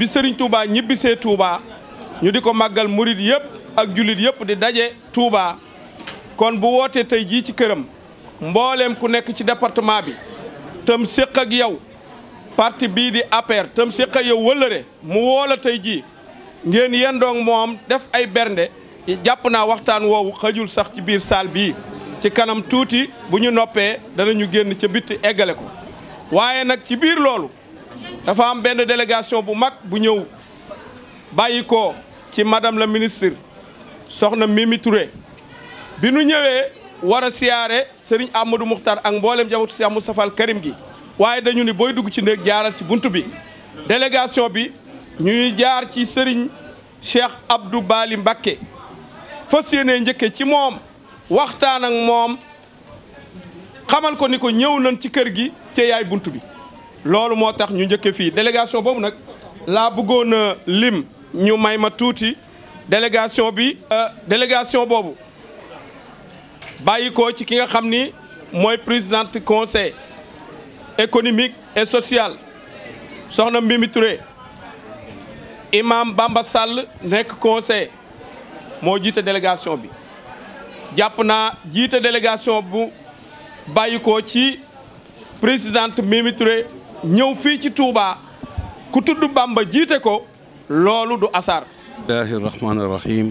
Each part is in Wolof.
bi Serigne Touba ñibbisee Touba ñu di ko màggal murit yëpp ak jullit yëpp di daje Touba kon bu wootee tey jii ci këram mbooleem ku nekk ci département bi tam séq ak yow parti bii di APR tam séq ak yow wëllëre mu woola tey jii ngeen yendoong moom def ay bernde jàpp naa waxtaan woowu xajul sax ci biir saal bi ci kanam tuuti bu ñu noppee danañu génn ca bitti eggale ko waaye nag ci biir loolu dafa am benn délégation bu mag bu ñëw bàyyi ko ci madame la ministre soxna Mimi bi nu ñëwee war a siyaare Serigne Amadou Moukhtar ak mboolem jabatu Cheikh Moustapha al Karim gi waaye dañu ni booy dugg ci néeg jaaral ci bunt bi délégation bi ñuy jaar ci sëriñ Cheikh Abdou Bali Mbacké fas yéene njëkke ci moom waxtaan ak moom xamal ko ni ko ñëw nañ ci kër gi te bunt bi loolu moo tax ñu njëkke fii délégation boobu nag laa bëggoon a lim ñu may ma tuuti délégation bi euh, délégation boobu bàyyikoo ci ki nga xam ni mooy présidente conseil économique et social soxna Mimi Touré imam Bamba Sall nekk conseil moo jiite délégation bi jàpp na jiite délégation bu bàyyi ko ci présidente Mimi ñëw fii ci Touba ku tudd Bamba jiite ko loolu du asar bismillahi rahmaani rahim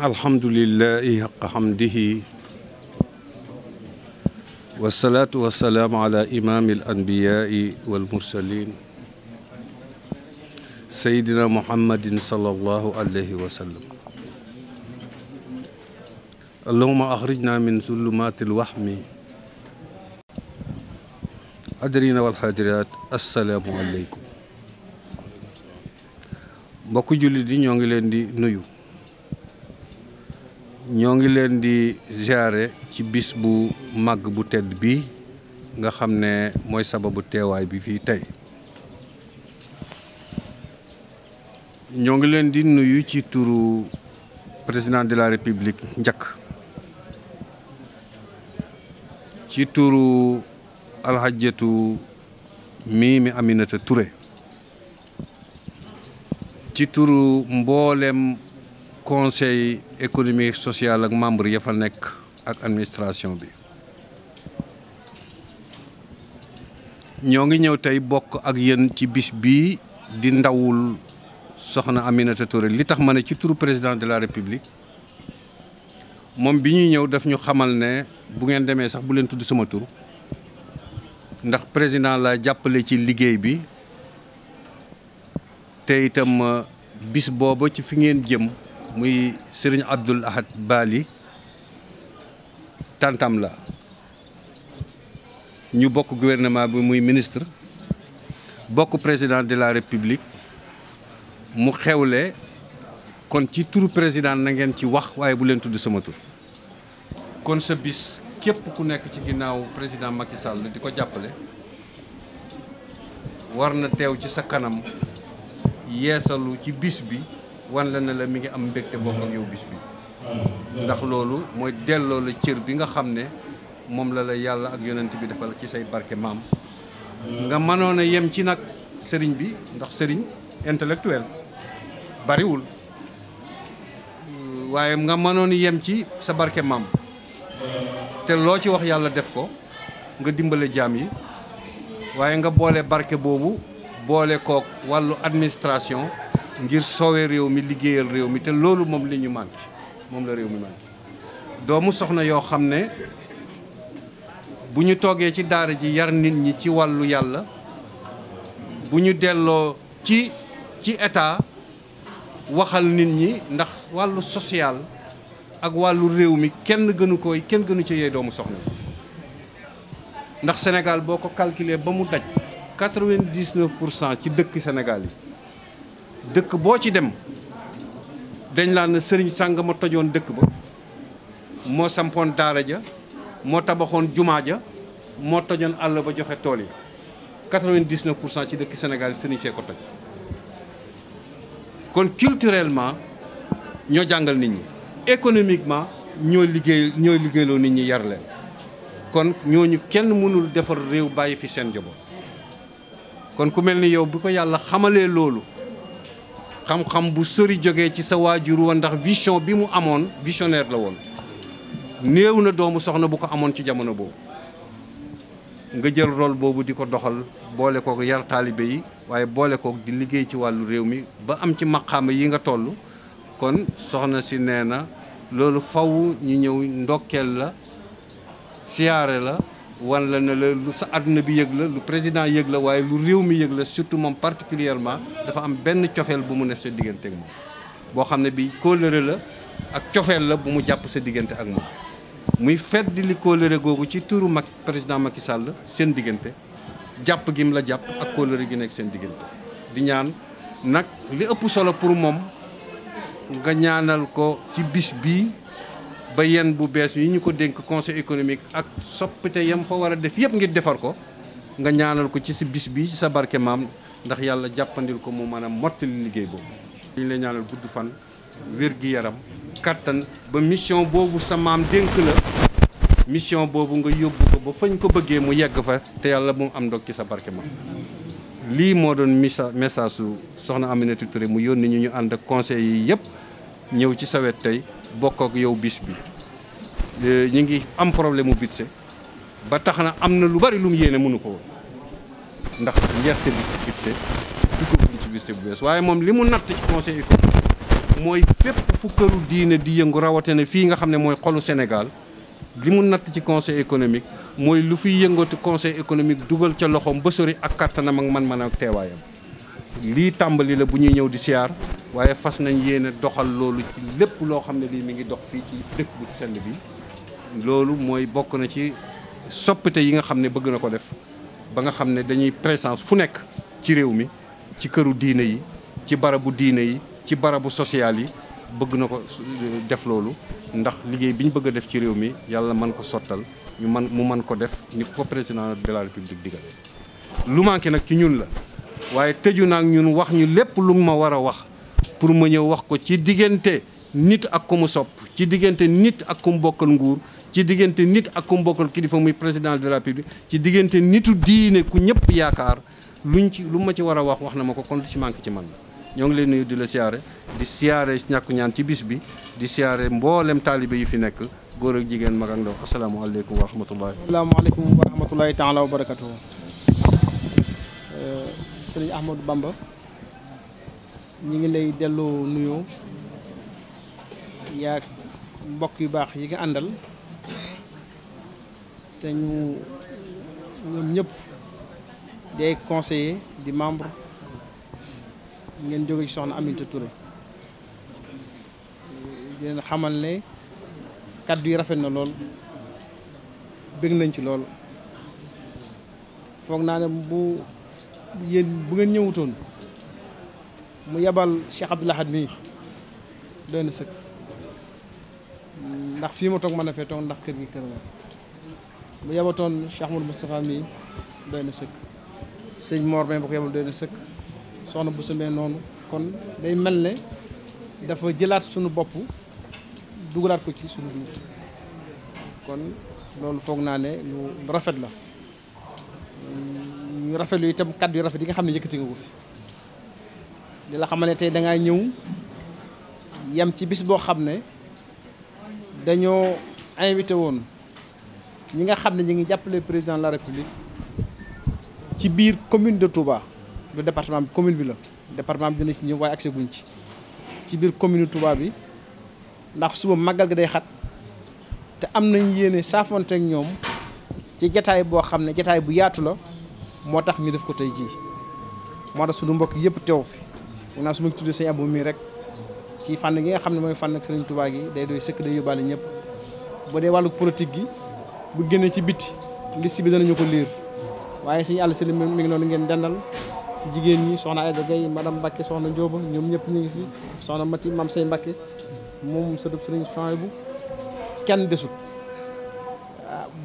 alhamdulillahi haqqa hamdihi wasalaatu wasalaamu ala imaami al anbiyaai wal mursalin seydina muhammadin sallallahu alayhi wa sallam allahuma axrijna min zulumaati alwaxmi adirina wal xaadiraat asalaamualeykum mbokku jullit yi ñoo ngi leen di nuyu ñoo ngi leen di ziare ci bis bu màgg bu tedd bi nga xam ne mooy sababu teewaay bi fii tey ñoo ngi leen di nuyu ci turu président de la république njëkk ci turu alxajjatu mii mi Aminata Touré ci turu mboolem conseil économique social ak membre ya fa nekk ak administration bi ñoo ngi ñëw tey bokk ak yéen ci bis bii di ndawul soxna Aminata Touré li tax ma ne ci turu président de la république moom bi ñuy ñëw daf ñu xamal ne bu ngeen demee sax bu leen tudd sama tur ndax président la jàppale ci liggéey bi te itam euh, bis booba ci fi ngeen jëm muy sëriñ Abdoul Ahad baali tàntam la ñu bokk gouvernement bi muy ministre bokk président de la république mu xewle kon ci turu président na ngeen ci wax waaye bu leen tudd sama tur képp ku nekk ci ginnaaw président Macky Sall di ko jàppale war na teew ci sa kanam yeesalu ci bis bi wan la na la mi ngi am mbégte bokk ak yow bis bi ndax loolu mooy delloo la cër bi nga xam ne moom la la yàlla ak yonant bi defal ci say barke maam nga mënoon a yem ci nag sëriñ bi ndax sëriñ intellectuel bariwul waaye nga mënoon yem ci sa barke maam te loo ci wax yàlla def ko nga dimbale jaam yi waaye nga boole barke boobu boole kook wàllu administration ngir soowee réew mi liggéeyal réew mi te loolu moom li ñu moom la réew mi manqué doomu soxna yoo xam ne bu ñu toogee ci daara ji yar nit ñi ci wàllu yàlla bu ñu delloo ci ci état waxal nit ñi ndax wàllu social ak wàllu réew mi kenn gënu koy kenn gënu ci yey doomu soxna ndax Sénégal boo ko calculer ba mu daj quatre vingt dix pour cent ci dëkk senegal yi dëkk boo ci dem dañ laa ne sëriñ sàng ma tojoon dëkk ba moo sampoon daara ja moo tabaxoon jumaa ja moo tojoon àll ba joxe tool yi quatre vingt pour cent ci dëkk Sénégal yi sëriñ see ko toj kon culturellement ñoo jàngal nit ñi économiquement ñoo liggéey ñoo liggéeyloo nit ñi yar leen kon ñooñu kenn mënul defar réew bàyyi fi seen njaboot kon ku mel ni yow bu ko yàlla xamalee loolu xam-xam bu sori jógee ci sa waajur wa ndax vision bi mu amoon visionnaire la woon néew na doomu soxna bu ko amoon ci jamono boobu nga jël rol boobu di ko doxal boole kook yar taalibe yi waaye boole kook di liggéey ci wàllu réew mi ba am ci maqaama yi nga toll kon soxna si nee na loolu faw ñu ñëw ndokkeel la siyaare la wan la na la lu sa àdduna bi yëg la lu président yëg la waaye lu réew mi yëg la surtout moom particulièrement dafa am benn cofeel bu mu nekk sa diggante ak moom boo xam ne bi kóllëre la ak cofeel la bu mu jàpp sa diggante ak muy fedd li kóllëre googu ci turu mag président Macky Sall seen diggante jàpp gi mu la jàpp ak kóllëre gi nekk seen diggante di ñaan nag li ëpp solo pour moom nga ñaanal ko ci bis bi ba yenn bu bees yi ñu ko dénk conseil économique ak soppite yam fa war a def yëpp ngir defar ko nga ñaanal ko ci si bis bi ci sa barke maam ndax yàlla jàppandil ko mu mën a mottali liggéey boobu. ñu lay ñaanal gudd fan wér gi yaram kattan ba mission boobu sa maam dénk la mission boobu nga yóbbu ko ba fañ ko bëggee mu yegg fa te yàlla mu am ndog ci sa barke maam. lii moo doon message su soxna Aminata Touré mu yónni ñu ñu conseil yëpp. ñëw ci sawet tey bokk ak yow bis bi euh, ñu ngi am problème mu budget ba tax na am na lu bari lu mu yéene mënu ko woon ndax njerte bi ci budget duggagum ci budget bu bees waaye moom li mu natt ci conseil économique mooy fépp fu këru diine di yëngu rawatina fii nga xam ne mooy xolu Sénégal li mu natt ci conseil économique mooy lu fiy yëngatu conseil économique dugal ca loxoom ba sori ak kattanam ak man-man ak teewaayam. lii tàmbali la bu ñuy ñëw di siyaar waaye fas nañ yéene doxal loolu ci lépp loo xam ne lii mi ngi dox fii ci dëkk bu sell bi loolu mooy bokk na ci soppite yi nga xam ne bëgg na ko def ba nga xam ne dañuy présence fu nekk ci réew mi ci këru diine yi ci barabu diine yi ci barabu social yi bëgg na ko euh, def loolu ndax liggéey bi ñu bëgg a def ci réew mi yàlla mën ko sottal ñu mën mu mën ko def ni ko président de la république digal lu manqué nag ci waaye tëju naag ñun wax ñu lépp lu ma war a wax pour ma ñëw wax ko ci diggante nit ak ku sopp ci diggante nit ak ku bokkal nguur ci diggante nit ak ku bokkal kilifa muy président de la ci diggante nitu diine ku ñëpp yaakaar luñ ci lu ma ci war a wax wax na ma ko kon lu ci manqué ci man ñoo ngi leen nuyu di la siyaare di siyaare ñàkku ñaan ci bis bi di siyaare mboolem taalibe yi fi nekk góor ak jigéen mag ak ndaw asalaamaaleykum wa rahmatullahi asalaamaaleykum wa rahmatullahi taala wa barakatuhu sëriñ Ahmadou Bamba ñi ngi lay delloo nuyoo yaa mbokk yu baax yi nga àndal te ñu ñoom ñëpp day conseiller di membre ngeen jóge ci soxna Aminata Touré di leen xamal ne kàddu yi rafet na lool bégg nañ ci lool foog naa ne bu yéen bu ngeen ñëwutoon mu yebal Cheikh Abdoul Ahad mii doy na sëkk ndax fii ma toog mën na fee toog ndax kër gi kër la mu yebatoon Cheikh Mouhamadou Moustapha mii sëñ Mor ma ba ko yebal doy na sëkk soxna bu samee noonu kon day mel ne dafa jëlaat suñu bopp dugalaat ko ci suñu biir kon loolu foog naa ne lu rafet la ñu rafet rafetlu itam kàddu yu rafet yi nga xam ne yëkkati nga ko fi di la xamal ne tey dangay ñëw yem ci bis boo xam ne dañoo invité woon ñi nga xam ne ñi ngi jàppale président la république ci biir commune de Touba lu département bi commune bi la département bi dina ci ñëw waaye accès guñ ci ci biir commune Touba bi ndax suba màggal ga day xat te am nañ yéene saafonte ñoom ci jataay boo xam ne jataay bu yaatu la moo tax ñu def ko tey jii moo tax suñu mbokk yëpp tew fi mun naa su ma tuddee sëñ Abou mii rek ci fànn gi nga xam ne mooy fànn ak Serigne Touba gi day doy sëkk day yóbbaale ñëpp bu dee wàllu politique gi bu génnee ci biti liste bi danañu ko liir waaye suñu àll sëriñ mi ngi noonu ngeen dandal jigéen ñi soxna gay Gaye madame Mbacké soxna Ndioba ñoom ñëpp ñu ngi fi soxna Mati Mame Sey Mbacké moom sëtub Serigne bu kenn desut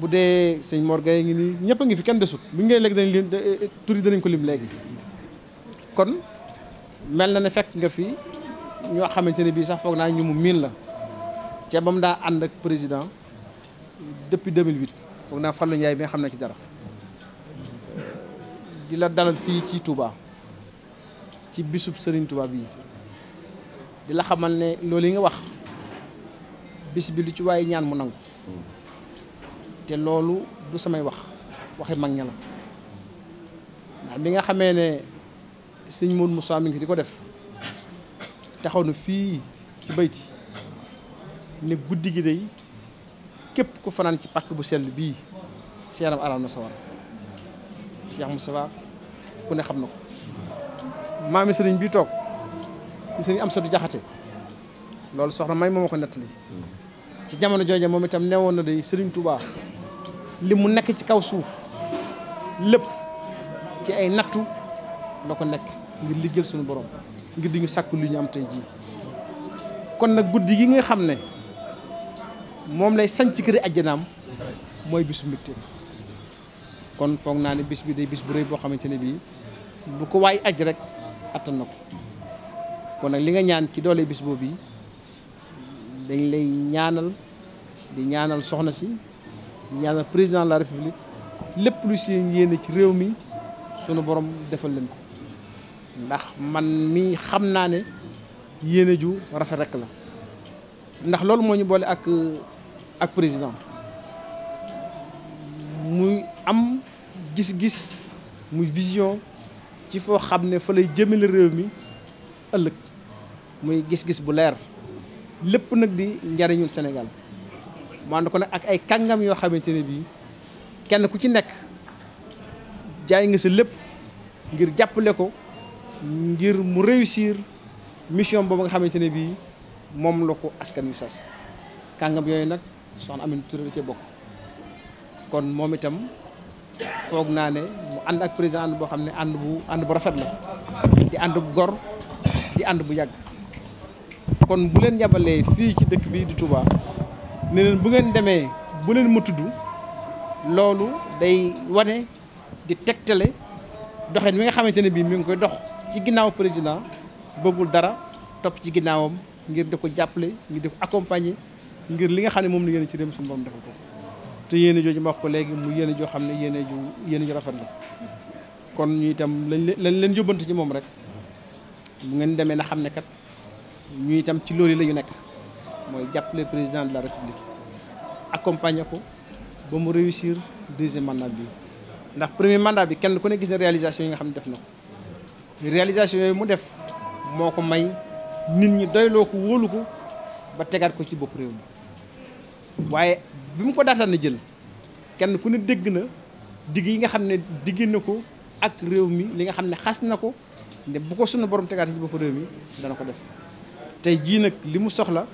bu dee sëñ Mor Gaye ngi nii ñëpp ngi fi kenn desut bu ñu ngay léegi dañ lim eh, danañ ko lim léegi kon mel na ne fekk nga fi ñoo xamante ne bii sax foog naa ñu miin la ca ba mu daa ànd ak président depuis 2008 foog naa Fallou Ndiaye bi xam na ci dara di la dalal fii ci Touba ci bisub Serigne Touba bii di la xamal ne loolu yi nga wax bis bi lu ci waaye ñaan mu nangu te loolu du samay wax waxi mag ña la ndax bi nga xamee ne sëñ Modou Moussa mi ngi di ko def taxaw na fii ci bayti ne guddi gi day képp ku fanaan ci pàkk bu sell bii si yaram alam na sawar mu Moustapha ku ne xam na ko maami sëriñ bii toog di am sa du jaxate loolu soxna may moom a ko nettali mm. ci jamono jooja moom itam newoon na day sëriñ Touba li mu nekk ci kaw suuf lépp ci ay nattu la ko nekk ngir liggéeyal suñu borom ngir di ñu sàkku lu ñu am tey jii kon nag guddi gi nga xam ne moom lay sañ ci këri ajjanaam mooy bisu mbégte kon foog naa ne bis bi day bis bu rëy boo xamante ne bii bu ko waay aj rek attan na ko kon nag li nga ñaan ci doole bis boobu yi dañ lay ñaanal di ñaanal soxna si ñaanal président de la république lépp lu seen yéene ci réew mi sunu borom defal leen ko ndax man mi xam naa ne yéene ju rafet rek la ndax loolu moo ñu boole ak ak président muy am gis-gis muy vision ci foo xam ne fa lay li réew mi ëllëg muy gis-gis bu leer lépp nag di njariñul Sénégal mu ànd ko nag ak ay kàngam yoo xamante ne bii kenn ku ci nekk jaay nga sa lépp ngir jàppale ko ngir mu réussir mission boobu nga xamante ne bii moom la ko askan wi sas kàngam yooyu nag soxna Aminata Touré da cee bokk kon moom itam foog naa ne mu ànd ak président ànd boo xam ne ànd bu ànd bu rafet la di ànd bu gor di ànd bu yàgg kon bu leen yabalee fii ci dëkk bii di Touba ne bu ngeen demee bu leen mu tudd loolu day wane di tegtale doxin mi nga xamante ne bii mi ngi koy dox ci ginnaaw président bëggul dara topp ci ginnaawam ngir di ko jàppale ngir def ko accompagner ngir li nga xam ne moom la yéene ci réew suñu borom defal ko te yéene jooju ma wax ko léegi mu yéene joo xam ne yéene ju yéene ju rafet la kon ñu itam lañ leen leen yóbbante ci moom rek mu ngeen demee na xam ne kat ñu itam ci loolu lañu nekk mooy jàppale président de la république accompagner ko ba mu réussir deuxième mandat bi ndax premier mandat bi kenn ku ne gis na réalisation yi nga xam ne def na ko réalisation yooyu mu def moo ko may nit ñi doyloo ko wóolu ko ba tegaat ko ci bopp réew mi waaye bi mu ko daataan na jël kenn ku ne dégg na digg yi nga xam ne digg na ko ak réew mi li nga xam ne xas na ko ne bu ko sunu borom tegaat ci bopp réew mi dana ko def tey jii nag li mu soxla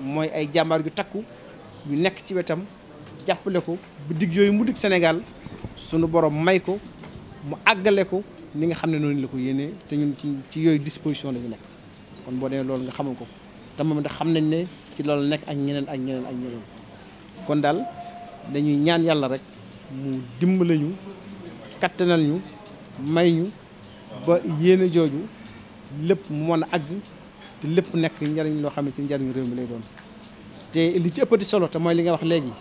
mooy ay jàmbaar yu takku yu nekk ci wetam jàppale ko bu digg yooyu mu digg Sénégal sunu borom may ko mu àggale ko ni nga xam ne noonu la ko yéenee te ñun ci yooyu disposition la ñu nekk kon boo demee loolu nga xamal ko te moom itam xam nañ ne ci loolu nekk ak ñeneen ak ñeneen ak ñeneen kon daal dañuy ñaan yàlla rek mu dimbale ñu kattanal ñu may ñu ba yéene jooju lépp mu mën a àgg. te lépp nekk njariñ loo xam ne ci njariñu réew mi lay doon te li ci ëppati solo te mooy li nga wax léegi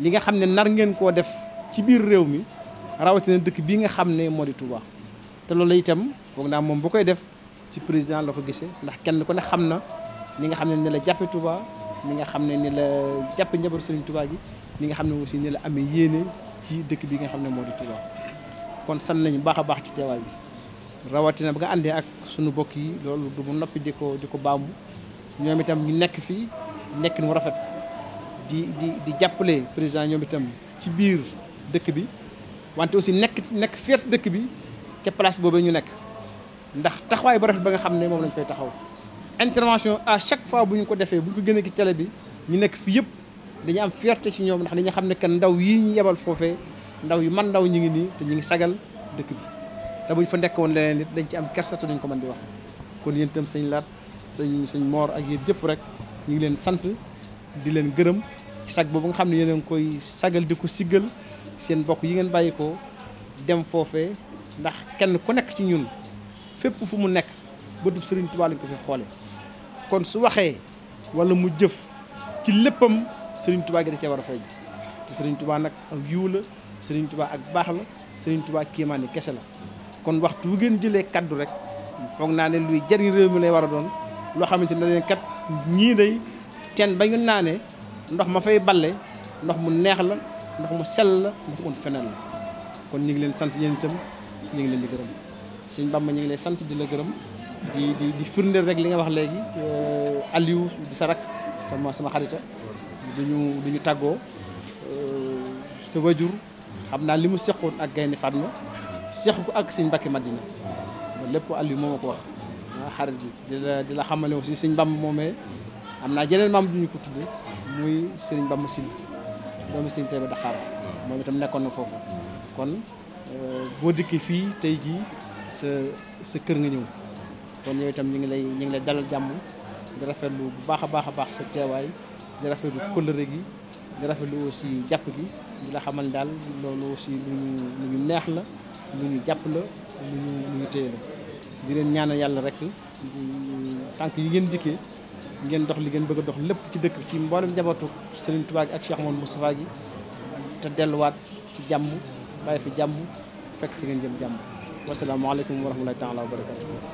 li nga xam ne nar ngeen koo def ci biir réew mi rawatina dëkk bii nga xam ne moo di Touba te loolu itam foog naa moom boo koy def ci président la ko gisee ndax kenn ko ne xam na ni nga xam ne ni la jàppe Touba ni nga xam ne ni la jàppe njaboot Serigne tubaa gi ni nga xam ne aussi ni la amee yéene ci dëkk bi nga xam ne moo di Touba kon sant nañu baax a baax ci teewaay bi rawatina ba nga àndee ak suñu bokk yi loolu du mu noppi di ko di ko baamu ñoom itam ñu nekk fii nekk mu rafet di di di jàppale président ñoom itam ci biir dëkk bi wante aussi nekk nekk fees dëkk bi ca place boobu ñu nekk ndax taxawaay ba rafet ba nga xam ne moom lañ fay taxaw intervention à chaque fois bu ñu ko defee bu ñu ko génnee ci bi ñu nekk fi yëpp dañu am fierté ci ñoom ndax dañu xam ne kan ndaw yi ñu yebal foofee ndaw yu man ndaw ñu ngi nii te ñu ngi sagal dëkk bi te buñ fa nekk woon leneen it dañ ci am kersa te duñ ko mën di wax kon yéen itam sëñ laat sëñ sëñ moor ak yéen jëpp rek ñu ngi leen sant di leen gërëm ci sag boobu nga xam ne yéen a ngi koy sagal di ko siggal seen bokk yi ngeen bàyyi ko dem foofe ndax kenn ku nekk ci ñun fépp fu mu nekk bëtub Sëriñ Tuubaa lañ ko fi xoole kon su waxee wala mu jëf ci léppam Sëriñ Tuubaa gi da cee war a feeñ te Sëriñ Tuubaa nag ak yiw la Sëriñ tubaa ak baax la Sëriñ Tuubaa kéemaani kese la kon waxtu bu ngeen jëlee kaddu rek foog naa ne luy jariñ réew mi lay war a doon loo xamante ne leen kat ñii day teen ba ñu naanee ndox ma fay balle ndox mu neex la ndox mu sel la ndox mu feneen la kon ñu ngi leen sant yéen tam ñu ngi leen di gërëm sëñ Bamba ñu ngi lay sant di la gërëm di di di rek li nga wax léegi euh, Aliou di sa sama sama xarita duñu duñu tàggoo euh, sa wajur xam naa li mu seqoon ak gaynde Fatma seq ko ak sëñ Mbàkke Madina loolu lépp àll yi moo ma ko wax xarit bi di la di la xamal aussi sëñ am naa jeneen maam du ñu ko tudd muy sëriñ Bamba Syll doomu sëñ Taïba Daxaar moom itam nekkoon na foofu kon euh, boo dikkee fii tey jii sa sa kër nga ñëw kon yow itam ñu ngi lay ñu ngi lay dalal jàmm di rafetlu bu baax a baax a baax sa teewaay di rafetlu kóllëre gi di rafetlu aussi jàpp gi di la xamal daal loolu aussi lu lu ñu neex la lu ñu jàpp la lu ñu téye la di leen ñaanal yàlla rek tànk yi ngeen dikkee ngeen dox li ngeen bëgg a dox lépp ci dëkk ci mboolem njabootu Serigne Touba gi ak Cheikh Mouhamadou Moustapha gi te delluwaat ci jàmm bàyyi fi jàmm fekk fi ngeen jëm jàmm wasalaamaaleykum wa rahmatulahi taala wa barakatu